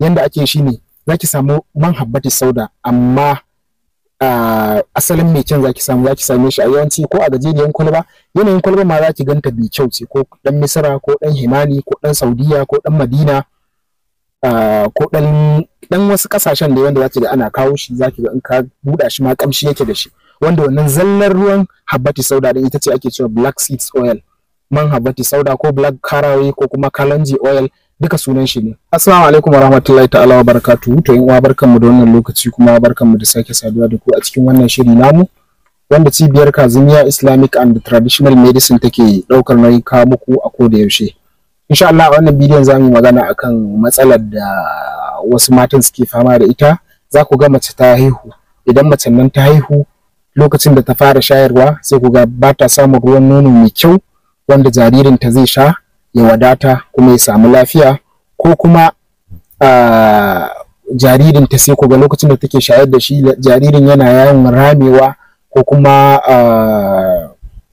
yanda ake shi ne za ki samu man habbati sauda amma asalin mai kyan za ki samu za ki same shi a yawanci ko a gajeriyan kwalba yanayin kwalba ma za ki ganta bi kyau ce ko dan misira ko dan himani ko dan saudiya ko dan madina ko dan wasu kasashen da wanda za ki ga ana kawo shi za ki ga in ka buɗa shi ma kamshi yake da shi wanda wannan zallar ruwan habbati sauda da ita ce ake cewa black seeds oil man habbati sauda ko black caraway ko kuma kalanji oil duka sunan shi ne assalamu alaikum warahmatullahi ta'ala wa to yan uwa barkanmu da wannan lokaci kuma barkanmu da sake saduwa da ku a cikin wannan shiri namu wanda cibiyar Kazimiya Islamic and Traditional Medicine take daukar nauyin kawo muku a koda yaushe insha Allah a wannan bidiyon zamu mu yi magana akan matsalar da wasu matan suke fama da ita za ku ga mace ta haihu idan mace nan ta haihu lokacin da ta fara shayarwa sai ku ga ba ta samun ruwan nono mai kyau wanda jaririnta zai sha ya wadata kuma ya samu lafiya ko kuma jaririn ta sai ga lokacin da take shayar da shi jaririn yana yawan ramewa ko kuma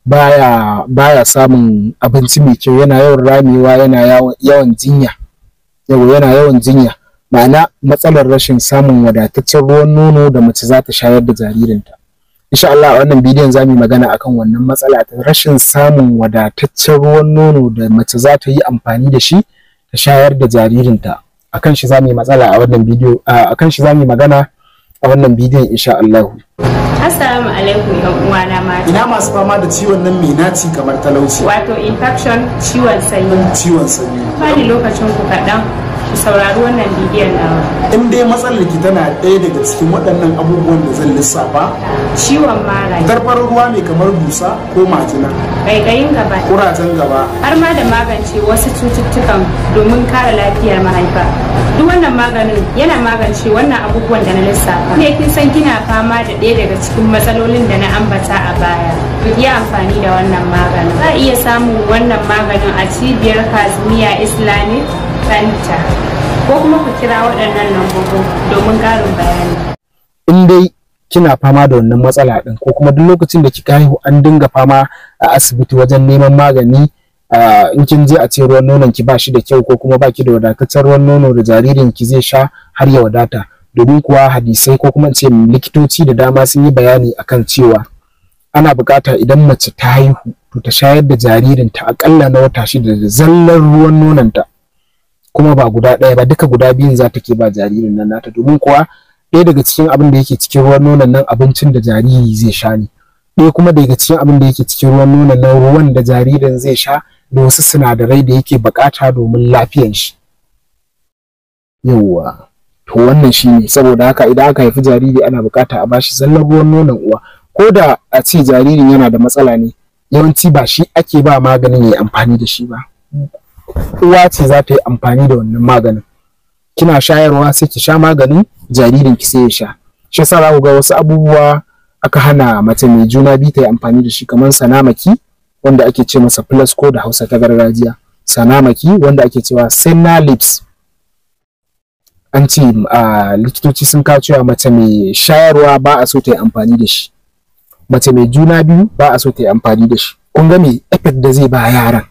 baya baya samun abinci mai kyau yana yawan ramewa yana yawan jinya yawa yana yawan jinya ma'ana matsalar rashin samun wadataccen ruwan nono da mace za ta shayar da jaririnta insha Allah a wannan bidiyon za mu yi magana akan wannan matsala ta rashin samun wadataccen ruwan nono da mace za ta yi amfani da shi ta shayar da jaririnta akan shi za mu yi matsala a wannan bidiyo akan shi za mu yi magana a wannan bidiyon insha Allah Assalamu alaikum uwa uwana mata. Ina masu fama da ciwon nan mai naci kamar talauci. Wato infection ciwon sanyi. Ciwon sanyi. lokacin ku kaɗan saurari wannan bidiyon nawa in dai matsalar ki tana ɗaya daga cikin waɗannan abubuwan da zan lissafa ciwon mara zarfar ruwa mai kamar dusa ko majina ƙaiƙayin gaba kurajen gaba har ma da magance wasu cututtukan domin kare lafiyar mahaifa duk wannan maganin yana magance wannan abubuwan da na lissafa ne kin san kina fama da ɗaya daga cikin matsalolin da na ambata a baya Ku yi amfani da wannan maganin za a iya samun wannan maganin a cibiyar kazimiya islamic fanta ko kuma ku kira waɗannan lambobin domin ƙarin bayani. In dai kina fama da wannan matsala ɗin ko kuma duk lokacin da kika haihu an dinga fama a asibiti wajen neman magani in kin je a ce ruwan nonon ki ba shi da kyau ko kuma baki da wadataccen ruwan nono da jaririn ki zai sha har ya wadata domin kuwa hadisai ko kuma ce likitoci da dama sun yi bayani akan cewa ana bukata idan mace ta haihu to ta shayar da jaririnta akalla na wata shida da zallar ruwan nononta kuma ba guda ɗaya ba duka guda biyun za ta ke ba jaririn nan nata domin kuwa ɗaya daga cikin abin da yake cikin ruwan nonon nan abincin da jariri zai sha ne ɗaya kuma daga cikin abin da yake cikin ruwan nonon nan ruwan da jaririn zai sha da wasu sinadarai da yake buƙata domin lafiyan shi yawwa to wannan shi ne saboda haka idan aka haifi jariri ana buƙata a bashi zallar ruwan nonon uwa ko da a ce jaririn yana da matsala ne yawanci ba shi ake ba maganin ya amfani da shi ba uwa ce za ta yi amfani da wannan maganin kina shayarwa sai ki sha maganin jaririn ki sai ya sha shi yasa za ku ga wasu abubuwa aka hana mace mai juna biyu ta yi amfani da shi kamar sanamaki wanda ake ce masa plus ko da Hausa ta gargajiya sanamaki wanda ake cewa senna lips an ce likitoci sun kawo cewa mace mai shayarwa ba a so ta yi amfani da shi mace mai juna biyu ba a so ta yi amfani da shi kun ga me effect da zai ba yaran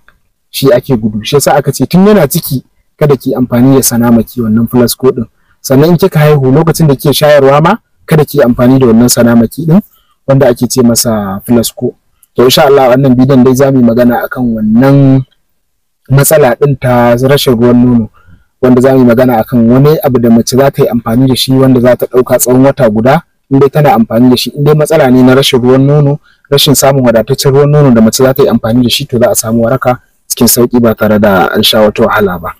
shi ake gudu shi yasa aka ce tun yana ciki kada ki amfani da sanama ki wannan filasko din sannan in kika haihu lokacin da kike shayarwa ma kada ki amfani da wannan sanama ki din wanda ake ce masa filasko to insha Allah wannan bidiyon dai zamu magana akan wannan matsala din ta rashin ruwan nono wanda za magana akan wani abu da mace za ta yi amfani da shi wanda za ta ɗauka tsawon wata guda in dai tana amfani da shi in dai matsala ne na rashin ruwan nono rashin samun wadataccen ruwan nono da mace za ta yi amfani da shi to za a samu waraka cikin sauki ba tare da an sha wata wahala ba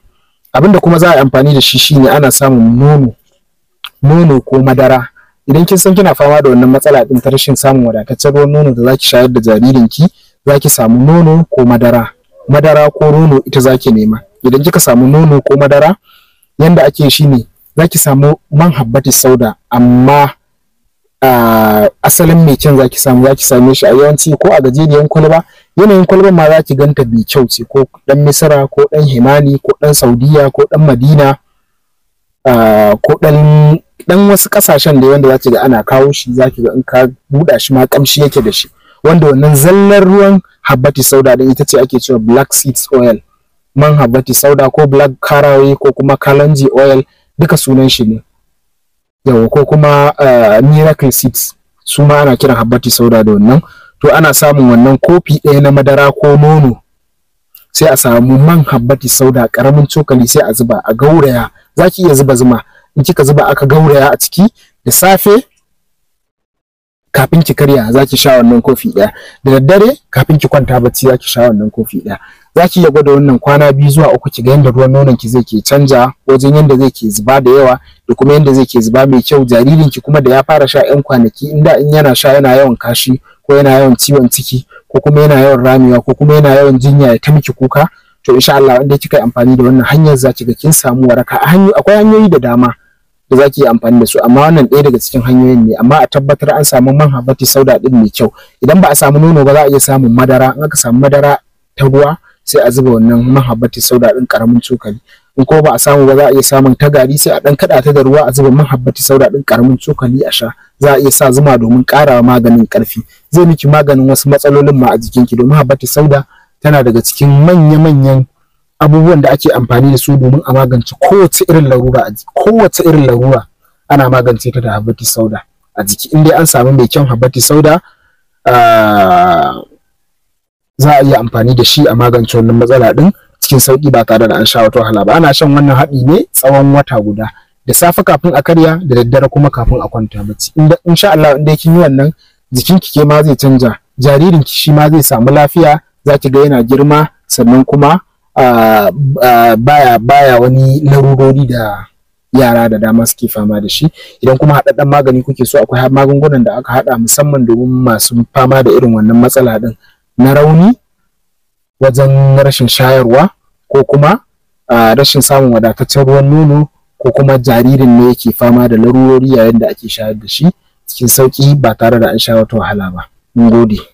abinda kuma za a amfani da shi shine ana samun nono nono ko madara idan kin san kina fama da wannan matsala din ta rashin samun wadataccen ruwan nono da zaki shayar da jaririnki zaki samu nono ko madara madara ko nono ita zaki nema idan kika samu nono ko madara yanda ake shine zaki samu man habbati sauda amma ah, asalin mai kyan zaki samu zaki same shi a yawanci ko a gajeriyan kwalba yanayin kwalbar ma za ki ganta bi kyau ce ko dan misira ko dan Himani, ko dan saudiya ko dan madina ah, ko dan dan wasu kasashen da wanda za ki ga ana kawo shi za ki ga in ka buɗa shi ma kamshi yake da shi wanda wannan zallar ruwan habbati sauda din ita ce ake cewa black seeds oil man habbati sauda ko black karawe, ko kuma kalanji oil duka sunan shi ne yawa ko kuma ah, miracle seeds su ma ana kiran habbati sauda da wannan to ana samun wannan kofi ɗaya na madara ko nono sai a samu man habbati sauda karamin cokali sai a zuba a gauraya za ki iya zuba zuma in kika zuba aka gauraya a ciki da safe kafin ki karya za ki sha wannan kofi ɗaya da daddare kafin ki kwanta bacci za ki sha wannan kofi ɗaya za ki iya gwada wannan kwana biyu zuwa uku ki ga yadda ruwan nonon ki zai ke canja wajen yadda zai ke zuba da yawa da kuma yadda zai ke zuba mai kyau jaririn ki kuma da ya fara sha yan kwanaki inda in yana sha yana yawan kashi ko yana yawan ciwon ciki ko kuma yana yawan ramewa ko kuma yana yawan jinya ya ta miki kuka to insha Allah wanda kika amfani da wannan hanyar za ki ga kin samu waraka akwai hanyoyi da dama da za ki yi amfani da su amma wannan ɗaya daga cikin hanyoyin ne amma a tabbatar an samu man habati sauda din mai kyau idan ba a samu nono ba za a iya samun madara in aka samu madara ta ruwa sai a zuba wannan mahabbati sauda ɗin ƙaramin cokali in ko ba a samu ba za a iya samun tagari sai a ɗan kaɗa ta da ruwa a zuba mahabbati sauda ɗin ƙaramin cokali a sha za a iya sa zuma domin ƙarawa maganin ƙarfi. zai miki maganin wasu matsalolin ma a jikinki domin habbati sauda tana daga cikin manya-manyan abubuwan da ake amfani da su domin a magance kowace irin larura a jiki kowace irin larura ana magance ta da habbati sauda a jiki in dai an samu mai kyan habbati sauda uh, za a iya amfani da shi a magance wannan matsala din cikin sauki ba tare da an sha wata wahala ba ana shan wannan haɗi ne tsawon wata guda da safe kafin a karya da daddare kuma kafin a kwanta bacci insha Allah inda dai kin yi wannan ki ke ma zai canja ki shi ma zai samu lafiya za ki ga yana girma sannan kuma baya baya wani larurori da yara da dama suke fama da shi idan kuma haɗaɗɗen magani kuke so akwai magungunan da aka haɗa musamman domin masu fama da irin wannan matsala din na rauni wajen rashin shayarwa ko kuma rashin samun wadataccen ruwan nono ko kuma jaririn ne yake fama da larurori yayin da ake shayar da shi cikin sauƙi ba tare da an sha wata wahala ba. Mun gode.